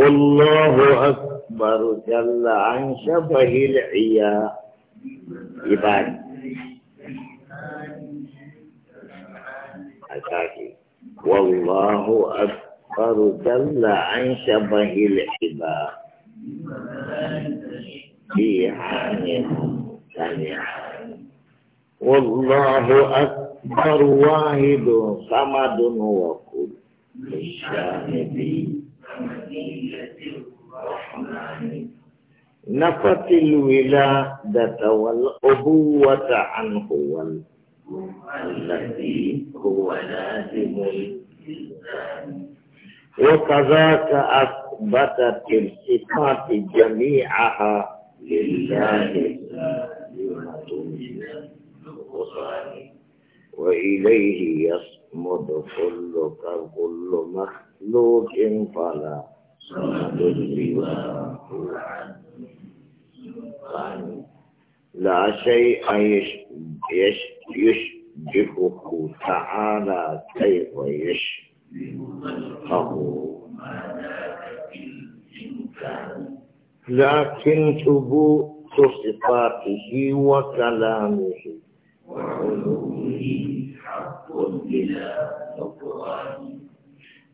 والله أكبر جل عن شبه العيا إبان أكاكي والله أكبر جل عن شبه العبا في عين سمع والله أكبر واحد صمد وكل الشاهدين نفت الولادة والأبوة عنه هو الذي هو لازم وكذاك أثبتت الصفات جميعها لله وإليه يصل يحمد كل كل مخلوق فلا صمد سواه لا شيء يشبهه تعالى كيف يشبهه لكن ثبوت صفاته وكلامه وعلوه حق بلا نكران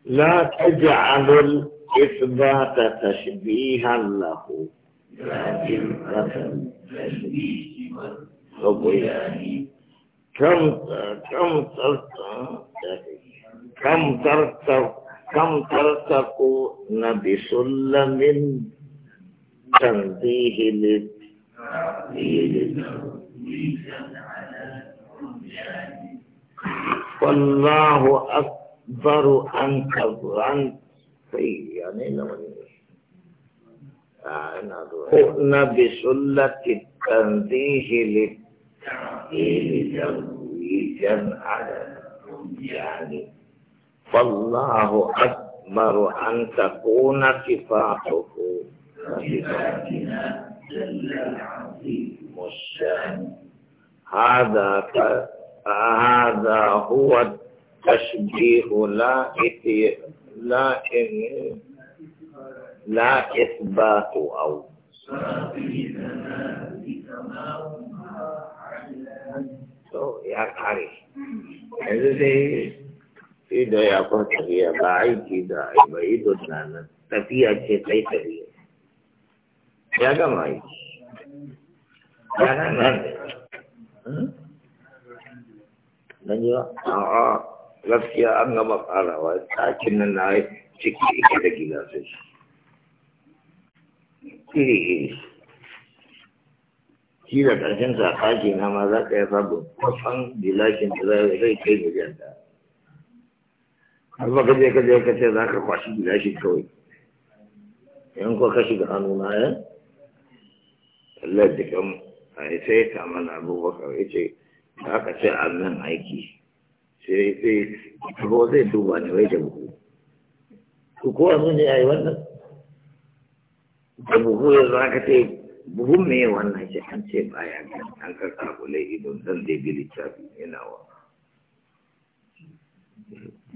لا تجعل الإثبات تشبيها له لكن تشبيه والصبيان كم كم كم كم ترتقون بسلم تنزيه للتعطيل على والله أكبر أن تظن في يعني آه، قلنا بسلة التنزيه للتعليل ترويجا على يعني فالله أكبر أن تكون صفاته صفاتنا جل العظيم الشان هذا هذا هو التشبيه لا لا لا إثبات أو يا قاري هذه إذا يا قاري بعيد إذا بعيد لنا تفي أشياء تفي يا جماعي يا جماعي Ganjiwa? A'a, gaskiya an gama farawa, ɗakin nan na ciki ike da gilasai. Iri-iri. shi da ƙarshen sakaki na ma za ka yi sabon kusan gilashin da zai kai miliyan da har ba ka je ka ka ce za ka kwashi gilashin kawai in ko ka shiga hannu na eh? Allah jikin ai sai ka mana abubakar ya ce da aka ce nan aiki sai sai ko zai duba ne wai da buhu ku kowa mun ne ai wannan da buhu ya za ka ce buhun me wannan ce an ce baya an ka kakule idon zan dai bi littafi yana wa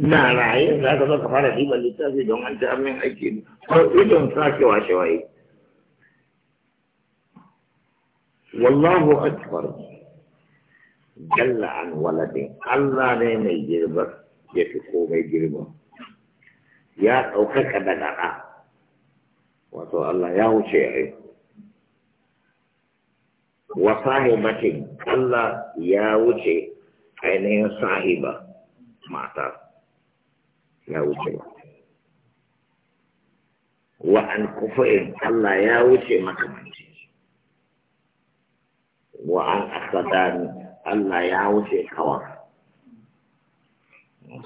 na raye za ka zo ka fara ɗiban littafi don an ta amin aiki ko idon sake washe waye والله أكبر جل عن ولدي الله ne mai girba ya fi komai girba ya ɗaukaka da gaɗa wato Allah ya wuce yare wa sahibatin Allah ya wuce ainihin sahiba mata ya wuce wa an kufa'in Allah ya wuce makamanci wa an akadani Allah ya wuce kawa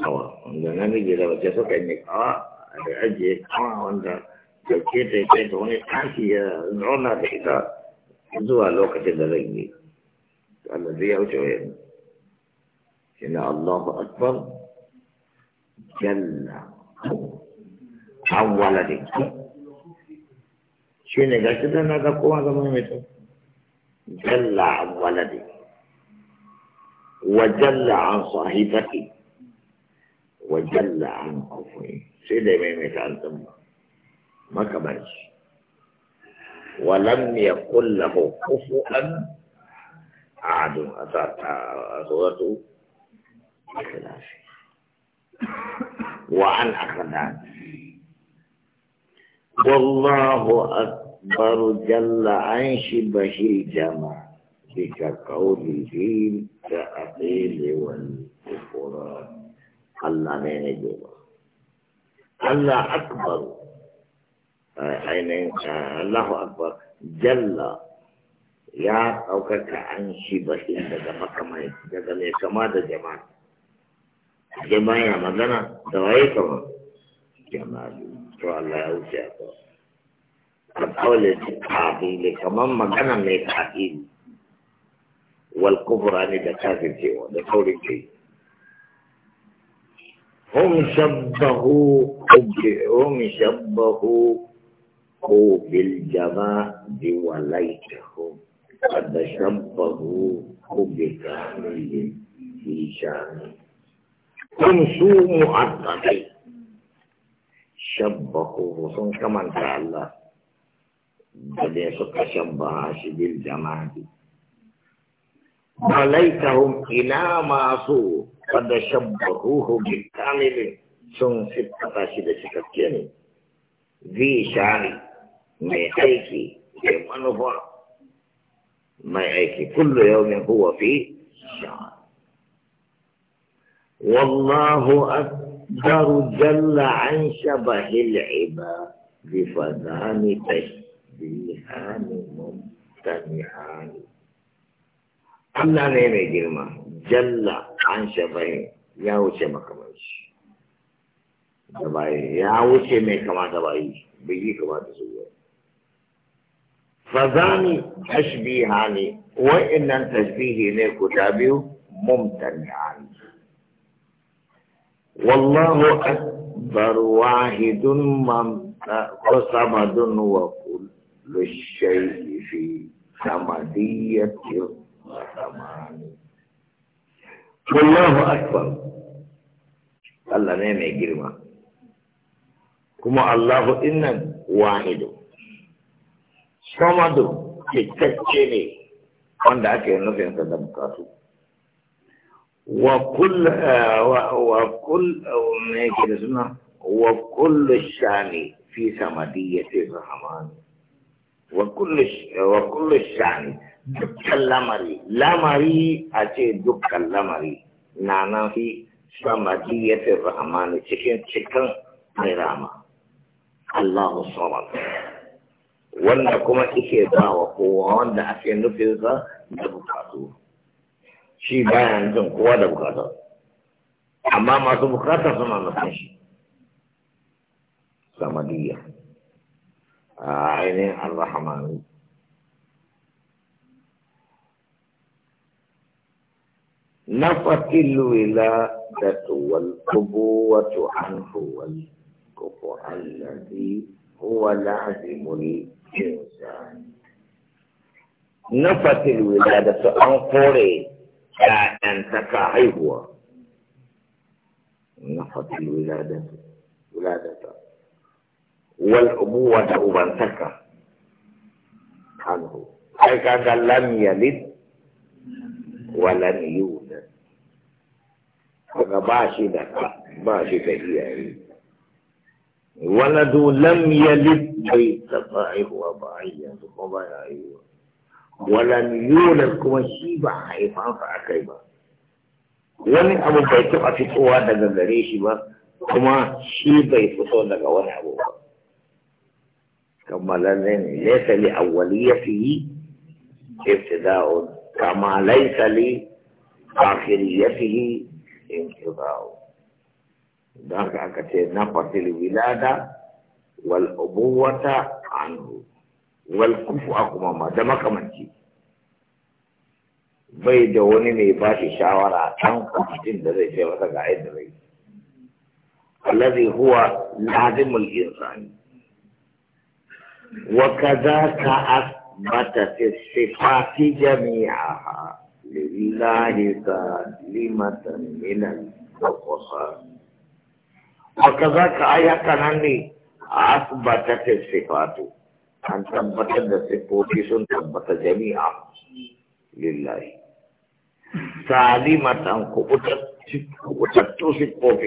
kawa wanda namiji da wace suka yi kawa da ajiye kawa wanda dauke ta yi ta wani tashi ya zauna da ita zuwa lokacin da zai yi Allah zai ya wuce wayan shi na Allahu Akbar jalla an waladin shi ne gashi da na ga kowa zama mai tafi جل عن ولده وجل عن صاحبته وجل عن أفوه سيدة ميمة عن ثم ما كمانش ولم يقل له كفوا أحد أتى سورة وعن أخذان والله أكبر أخبر جل عن شبه جمع بكقوله التأثيل والإفراد الله من جوا الله أكبر يعني الله أكبر جل ya ɗaukaka an shi bashin daga makamai daga mai kama da jama'a jama'a magana da waye kama jama'a Allah ya wuce a قول التعديل كمان مجانا من التعديل والكفر عن الكافر جوا ده قول جي هم شبهوا هم شبهوا بالجماعة وليتهم قد شبهوا بكامل في شانه هم سوء معطلين شبهوا هم كمان الله بديت تشبه راشد الجمادي وليتهم الى ما سو قد شبهوه بالكامل سن ستة راشد شكتين ذي شعري ما يأيكي ما يأيكي كل يوم هو في شعري والله أكبر جل عن شبه العباد بفضان تشبه الشيئان ممتنعان Allah ne mai girma, jalla an shafahin ya wuce makamanci. Da bayi, ya wuce mai kama da bayi, bai yi kama da su yau. Fazani tashbiha ne, wa'innan tashbihi ne guda biyu mumtani'an. Wallahu akbar wahidun man samadun wa للشيء في سمدية الزمان والله أكبر الله نعم يجرم كما الله إن واحد سمد كتكيني وان داك ينفع تدم كاتو وكل وكل وكل الشاني في سمدية الرحمن wa kullu shani dukkan lamari lamari a ce dukkan lamari na nan fi samadiyyar rahmani cikin cikin mai rama Allahu samad wanda kuma ike ba wa kowa wanda ake nufinsa da bukatu shi bayan jin kowa da bukatu amma masu bukata suna nufin shi samadiyya ainihin arrahmanu نفتل الولادة والقبوة عنه والكفر الذي هو لازم الإنسان نفت الولادة أنقري أن هو نفت الولادة ولادة والأبوة أبنتك عنه أي كان لم يلد ولم يولد هذا باشي دكا باشي فهي ولد لم يلد بيت طائف وضعية وضعية ولم يولد كما شيبا حيفان فأكيبا wani أبو بيتك في fitowa daga gare shi ba kuma shi bai fito daga wani kammalalle ne laisa li awwaliyatihi ibtida'un kama laisa li akhiriyatihi intiba'un dan aka ce na fatil wilada wal ubuwata anhu wal kufu akuma ma da makamanci bai da wani mai bashi shi shawara ɗan kwamitin da zai ce masa ga yadda zai allazi huwa lazimul insani وكذاك أثبت في الصفات جميعها لله سالمة من النقصان وكذاك آية كناني أثبت في الصفات أن ثبت الصفات ثبت جميعها لله سالمة كبتت كبتت صفات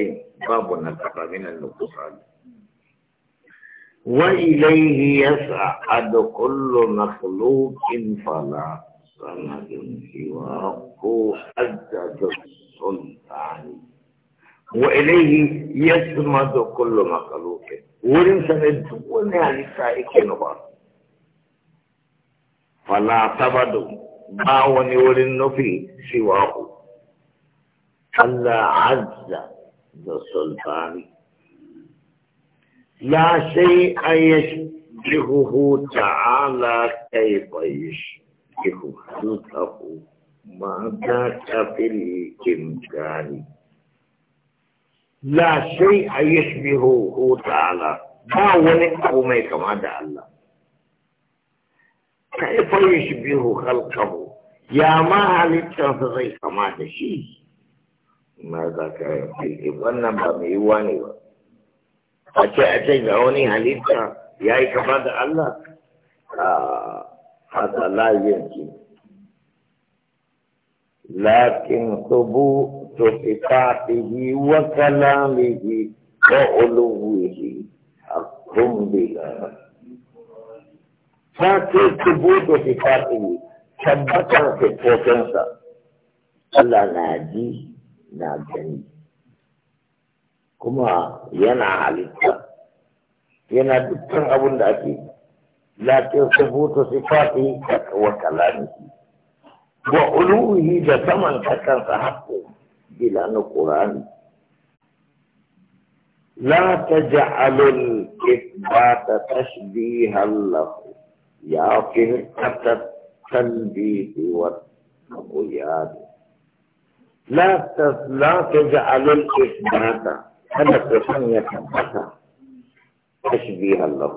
باب النقصان من النقصان وإليه يسعد كل مخلوق فلا سند سواه أجد السلطان وإليه يسمد كل مخلوق ولم سند ولا لسائك نبار فلا تبد ما ونور النفي سواه الله عز ذو السلطان لا شيء يشبهه تعالى كيف يشبه خلقه ما ذاك في الإمكان لا شيء يشبهه تعالى ما ونقه ما كما دعا الله كيف يشبه خلقه يا ما هل تنفذي كما دشي ما ذاك في الإمكان ما ميواني وقت a ce a ce ga wani halitta ya yi kafa da Allah haka lafiyar ce lakin subu to sifatihi wa kalamihi wa uluwihi hakkun bila ta ce subu to sifatihi tabbatar sifofinsa Allah na ji na gani kuma yana halitta yana dukkan abin da ake lakin subutu sifati wa kalami wa uluhi da saman kakan sa haƙƙo bila na ƙurani لا تجعلوا الإثبات تشبيها له يا فرقة التنبيه والبغيان لا لا تجعلوا الإثبات kada ku sanya تشبيه الله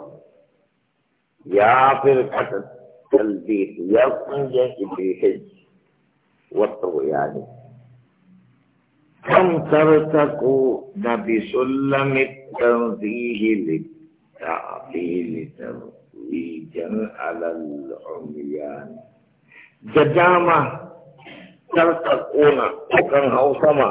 يا فرقة التلبيس يا قنجة الحج والطغيان كم ترتقوا بسلم التنزيه للتعطيل ترويجا على العميان جدامة ترتقون وكان هوسما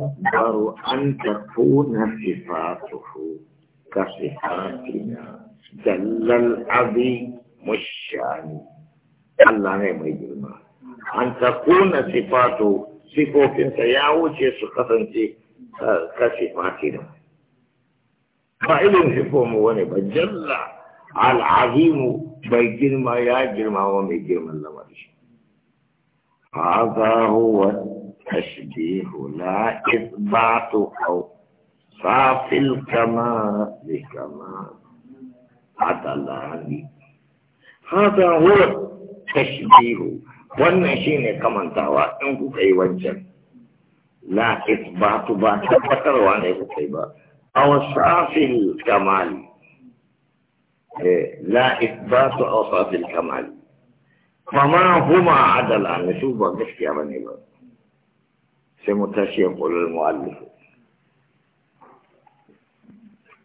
يقدر أن تكون صفاته كصفاتنا جل العظيم والشان الله نعم ما يجرم أن تكون صفاته صفوفين سيعوشي سخفنتي كصفاتنا فإلهم صفوهم ونبا جل العظيم بيجرم يا جرم وميجرم الله هذا هو التشبيه لا إثبات أو صاف الكمال بكمال عدلان هذا هو التشبيه والنشين كما انتهى انكو كي وجه لا إثبات بات تبتر وانه كيبا أو صاف الكمال لا إثبات أوصاف الكمال فما هما عدلان شو بقى يا بني sai mu tashi ya ƙulul mu'allifu